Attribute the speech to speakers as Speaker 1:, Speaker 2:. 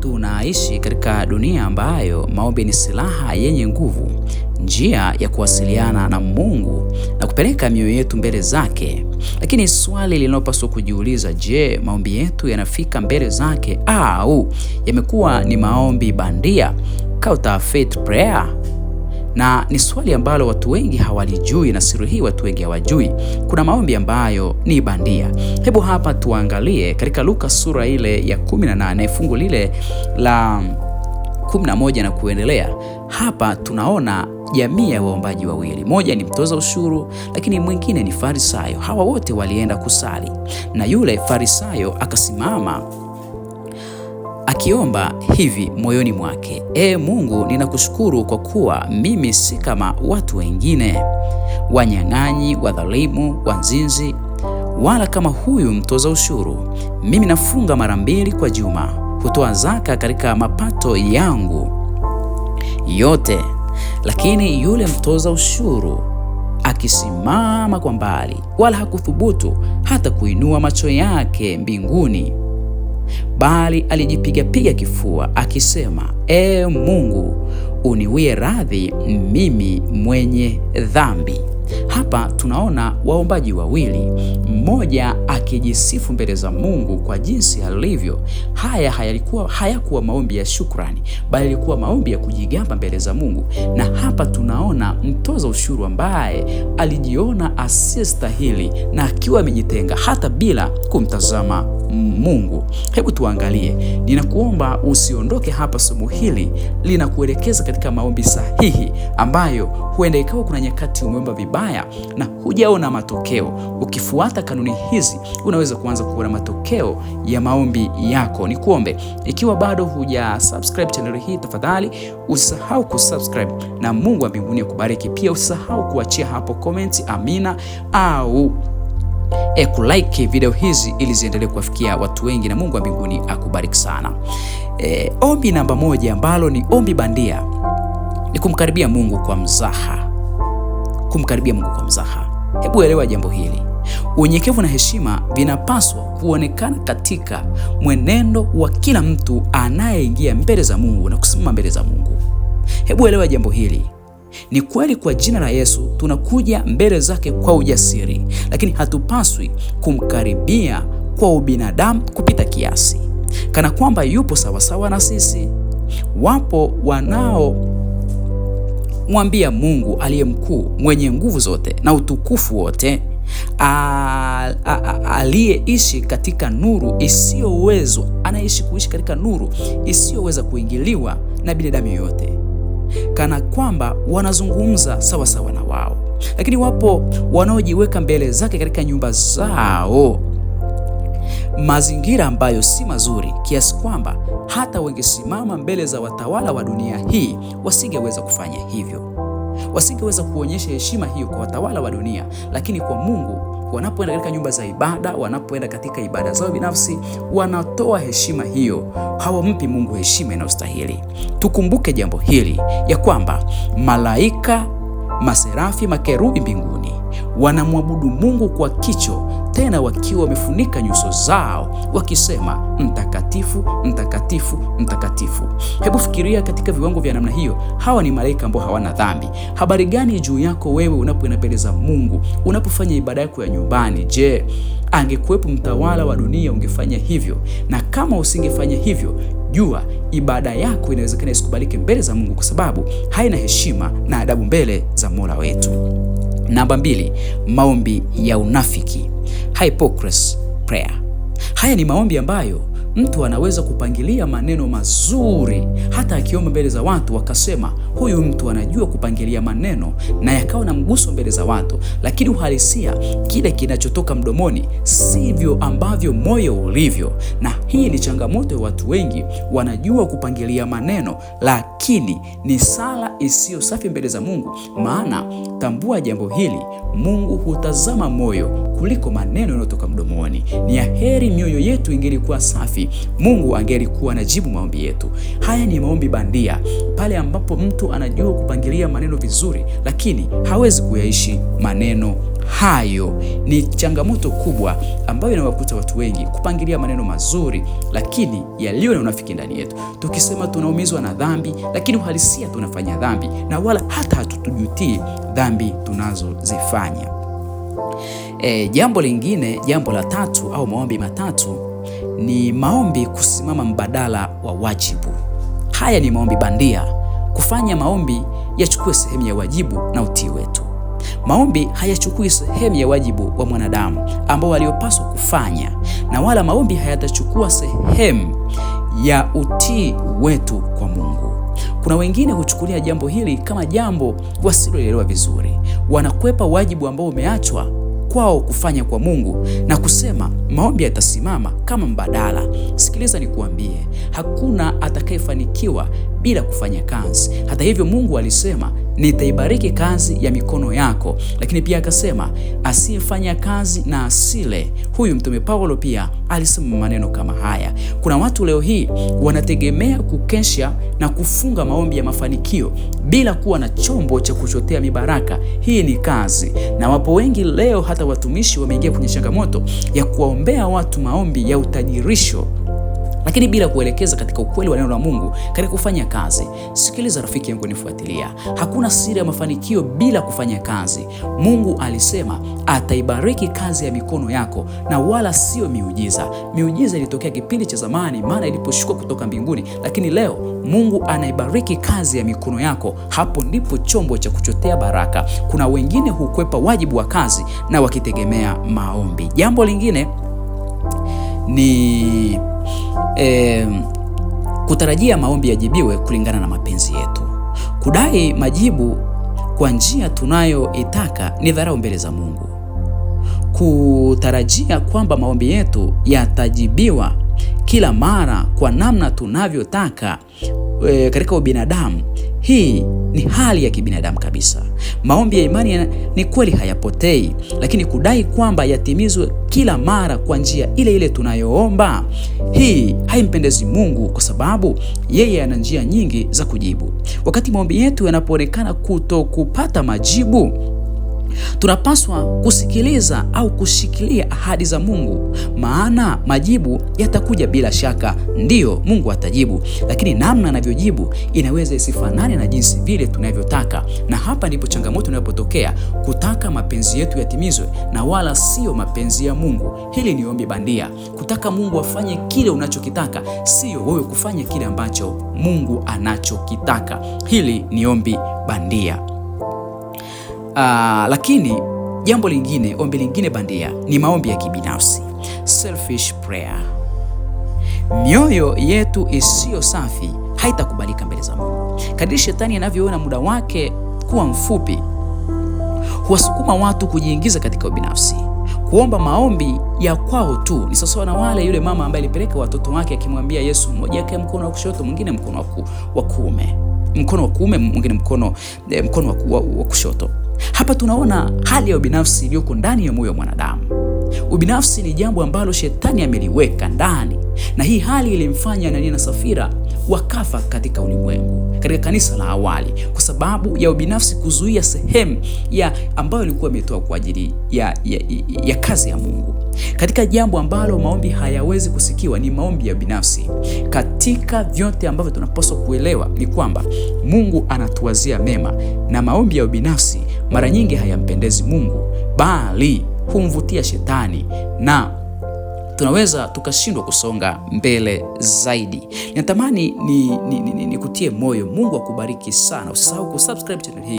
Speaker 1: Tunaishi katika dunia ambayo maombi ni silaha yenye nguvu, njia ya kuwasiliana na Mungu na kupeleka mioyo yetu mbele zake. Lakini swali linalopaswa kujiuliza, je, maombi yetu yanafika mbele zake au yamekuwa ni maombi bandia, counterfeit prayer? na ni swali ambalo watu wengi hawalijui, na siri hii watu wengi hawajui. Kuna maombi ambayo ni bandia. Hebu hapa tuangalie katika Luka sura ile ya 18 fungu lile la 11 na kuendelea. Hapa tunaona jamii ya waombaji wawili, moja ni mtoza ushuru, lakini mwingine ni Farisayo. Hawa wote walienda kusali, na yule Farisayo akasimama akiomba hivi moyoni mwake, Ee Mungu, ninakushukuru kwa kuwa mimi si kama watu wengine, wanyang'anyi, wadhalimu, wanzinzi, wala kama huyu mtoza ushuru. Mimi nafunga mara mbili kwa juma, hutoa zaka katika mapato yangu yote. Lakini yule mtoza ushuru akisimama kwa mbali, wala hakuthubutu hata kuinua macho yake mbinguni bali alijipigapiga kifua akisema, e Mungu, uniwie radhi mimi mwenye dhambi. Hapa tunaona waombaji wawili, mmoja akijisifu mbele za Mungu kwa jinsi alivyo. Haya hayalikuwa hayakuwa maombi ya shukrani, bali ilikuwa maombi ya kujigamba mbele za Mungu. Na hapa tunaona mtoza ushuru ambaye alijiona asiyestahili na akiwa amejitenga hata bila kumtazama Mungu. Hebu tuangalie, ninakuomba usiondoke hapa. Somo hili linakuelekeza katika maombi sahihi ambayo huenda ikawa kuna nyakati umeomba vibaya na hujaona matokeo. Ukifuata kanuni hizi, unaweza kuanza kuona matokeo ya maombi yako. Nikuombe, ikiwa bado huja subscribe channel hii, tafadhali usisahau kusubscribe, na Mungu wa mbinguni akubariki. Pia usisahau kuachia hapo comment amina au e kulike video hizi ili ziendelee kuwafikia watu wengi, na Mungu wa mbinguni akubariki sana. E, ombi namba moja ambalo ni ombi bandia ni kumkaribia Mungu kwa mzaha, kumkaribia Mungu kwa mzaha. Hebu elewa jambo hili, unyenyekevu na heshima vinapaswa kuonekana katika mwenendo wa kila mtu anayeingia mbele za Mungu na kusimama mbele za Mungu. Hebu elewa jambo hili. Ni kweli kwa jina la Yesu tunakuja mbele zake kwa ujasiri, lakini hatupaswi kumkaribia kwa ubinadamu kupita kiasi, kana kwamba yupo sawasawa na sisi. Wapo wanaomwambia Mungu aliye mkuu, mwenye nguvu zote na utukufu wote aliyeishi katika nuru isiyowezwa, anaishi kuishi katika nuru isiyoweza kuingiliwa na binadamu yoyote kana kwamba wanazungumza sawa sawa na wao, lakini wapo wanaojiweka mbele zake katika nyumba zao mazingira ambayo si mazuri kiasi kwamba hata wangesimama mbele za watawala wa dunia hii wasingeweza kufanya hivyo, wasingeweza kuonyesha heshima hiyo kwa watawala wa dunia, lakini kwa Mungu wanapoenda katika nyumba za ibada, wanapoenda katika ibada zao binafsi, wanatoa heshima hiyo, hawampi Mungu heshima inayostahili. Tukumbuke jambo hili ya kwamba malaika, maserafi, makerubi mbinguni wanamwabudu Mungu kwa kicho tena wakiwa wamefunika nyuso zao wakisema, mtakatifu, mtakatifu, mtakatifu. Hebu fikiria katika viwango vya namna hiyo. Hawa ni malaika ambao hawana dhambi. Habari gani juu yako wewe unapoenda mbele za Mungu, unapofanya ibada yako ya nyumbani? Je, angekuwepo mtawala wa dunia ungefanya hivyo? Na kama usingefanya hivyo jua ibada yako inawezekana isikubalike mbele za Mungu kwa sababu haina heshima na adabu mbele za Mola wetu. Namba mbili, maombi ya unafiki hypocrisy prayer. Haya ni maombi ambayo Mtu anaweza kupangilia maneno mazuri hata akiomba mbele za watu, wakasema huyu mtu anajua kupangilia maneno na yakawa na mguso mbele za watu, lakini uhalisia, kile kinachotoka mdomoni sivyo ambavyo moyo ulivyo. Na hii ni changamoto ya watu wengi, wanajua kupangilia maneno, lakini ni sala isiyo safi mbele za Mungu. Maana tambua jambo hili, Mungu hutazama moyo kuliko maneno yanayotoka mdomoni. Ni ya heri mioyo yetu ingelikuwa safi hivi, Mungu angelikuwa anajibu maombi yetu. Haya ni maombi bandia, pale ambapo mtu anajua kupangilia maneno vizuri, lakini hawezi kuyaishi maneno hayo. Ni changamoto kubwa ambayo inawakuta watu wengi, kupangilia maneno mazuri, lakini yaliyo na unafiki ndani yetu. Tukisema tunaumizwa na dhambi, lakini uhalisia tunafanya dhambi na wala hata hatutujutii dhambi tunazozifanya. E, jambo lingine, jambo la tatu au maombi matatu ni maombi kusimama mbadala wa wajibu. Haya ni maombi bandia, kufanya maombi yachukue sehemu ya wajibu na utii wetu. Maombi hayachukui sehemu ya wajibu wa mwanadamu ambao waliopaswa kufanya, na wala maombi hayatachukua sehemu ya utii wetu kwa Mungu. Kuna wengine huchukulia jambo hili kama jambo wasiloelewa vizuri, wanakwepa wajibu ambao umeachwa kwao kufanya kwa Mungu na kusema maombi yatasimama kama mbadala. Sikiliza nikuambie, hakuna atakayefanikiwa bila kufanya kazi. Hata hivyo, Mungu alisema nitaibariki kazi ya mikono yako. Lakini pia akasema asiyefanya kazi na asile. Huyu Mtume Paulo pia alisema maneno kama haya. Kuna watu leo hii wanategemea kukesha na kufunga maombi ya mafanikio bila kuwa na chombo cha kuchotea mibaraka. Hii ni kazi, na wapo wengi leo, hata watumishi wameingia kwenye changamoto ya kuwaombea watu maombi ya utajirisho lakini bila kuelekeza katika ukweli wa neno la Mungu katika kufanya kazi. Sikiliza rafiki yangu, nifuatilia. Hakuna siri ya mafanikio bila kufanya kazi. Mungu alisema ataibariki kazi ya mikono yako na wala sio miujiza. Miujiza ilitokea kipindi cha zamani, maana iliposhuka kutoka mbinguni, lakini leo Mungu anaibariki kazi ya mikono yako. Hapo ndipo chombo cha kuchotea baraka. Kuna wengine hukwepa wajibu wa kazi na wakitegemea maombi. Jambo lingine ni e, kutarajia maombi yajibiwe kulingana na mapenzi yetu. Kudai majibu kwa njia tunayoitaka ni dharau mbele za Mungu. Kutarajia kwamba maombi yetu yatajibiwa kila mara kwa namna tunavyotaka e, katika ubinadamu, hii ni hali ya kibinadamu kabisa. Maombi ya imani ni kweli hayapotei, lakini kudai kwamba yatimizwe kila mara kwa njia ile ile tunayoomba, hii haimpendezi Mungu kwa sababu yeye ana njia nyingi za kujibu. Wakati maombi yetu yanapoonekana kutokupata majibu Tunapaswa kusikiliza au kushikilia ahadi za Mungu, maana majibu yatakuja bila shaka. Ndiyo, Mungu atajibu, lakini namna anavyojibu inaweza isifanane na jinsi vile tunavyotaka, na hapa ndipo changamoto inapotokea, kutaka mapenzi yetu yatimizwe na wala siyo mapenzi ya Mungu. Hili ni ombi bandia, kutaka Mungu afanye kile unachokitaka, siyo wewe kufanya kile ambacho Mungu anachokitaka. Hili ni ombi bandia. Aa, ah, lakini jambo lingine, ombi lingine bandia ni maombi ya kibinafsi, selfish prayer. Mioyo yetu isiyo safi haitakubalika mbele za Mungu. Kadiri shetani anavyoona muda wake kuwa mfupi, huwasukuma watu kujiingiza katika ubinafsi kuomba maombi ya kwao tu. Ni sawasawa na wale yule mama ambaye alipeleka watoto wake akimwambia Yesu, mmoja yake mkono wa kushoto, mwingine mkono wa kuume, mkono wa kuume, mwingine mkono eh, mkono wa kushoto. Hapa tunaona hali ya ubinafsi iliyoko ndani ya moyo wa mwanadamu. Ubinafsi ni jambo ambalo shetani ameliweka ndani, na hii hali ilimfanya Anania na Safira wakafa katika ulimwengu katika kanisa la awali kwa sababu ya ubinafsi kuzuia sehemu ya ambayo ilikuwa imetoa kwa ajili ya, ya, ya kazi ya Mungu. Katika jambo ambalo maombi hayawezi kusikiwa ni maombi ya binafsi. Katika vyote ambavyo tunapaswa kuelewa ni kwamba Mungu anatuwazia mema na maombi ya ubinafsi mara nyingi hayampendezi Mungu, bali humvutia shetani na tunaweza tukashindwa kusonga mbele zaidi. Natamani nikutie ni, ni, ni moyo. Mungu akubariki sana, usisahau kusubscribe channel hii.